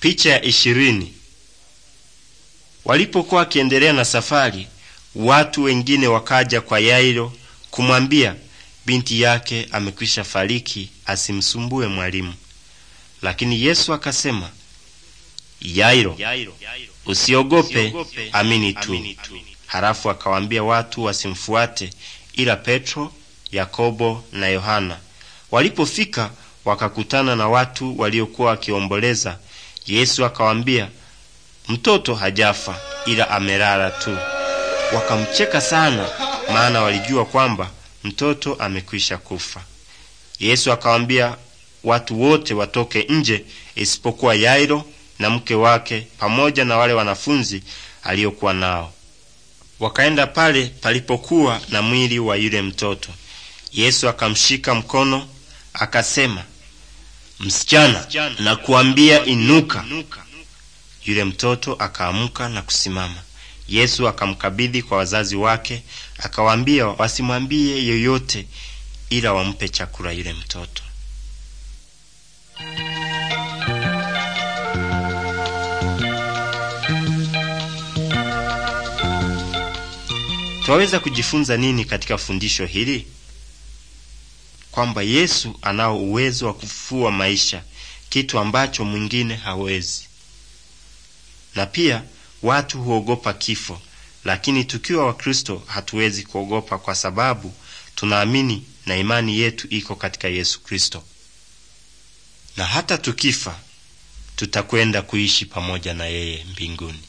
Picha ya ishirini. Walipokuwa wakiendelea na safari, watu wengine wakaja kwa Yairo kumwambia binti yake amekwisha fariki, asimsumbue mwalimu. Lakini Yesu akasema, Yairo, usiogope, amini tu. Halafu akawaambia watu wasimfuate, ila Petro, Yakobo na Yohana. Walipofika wakakutana na watu waliokuwa wakiomboleza Yesu akawambia, mtoto hajafa ila amelala tu. Wakamcheka sana, maana walijua kwamba mtoto amekwisha kufa. Yesu akawambia watu wote watoke nje isipokuwa Yairo na mke wake pamoja na wale wanafunzi aliokuwa nao. Wakaenda pale palipokuwa na mwili wa yule mtoto. Yesu akamshika mkono akasema, msichana, na kuambia inuka. Yule mtoto akaamka na kusimama. Yesu akamkabidhi kwa wazazi wake, akawaambia wasimwambie yoyote, ila wampe chakula yule mtoto. Twaweza kujifunza nini katika fundisho hili? kwamba Yesu anao uwezo wa kufufua maisha, kitu ambacho mwingine hawezi. Na pia watu huogopa kifo, lakini tukiwa Wakristo hatuwezi kuogopa kwa sababu tunaamini na imani yetu iko katika Yesu Kristo. Na hata tukifa tutakwenda kuishi pamoja na yeye mbinguni.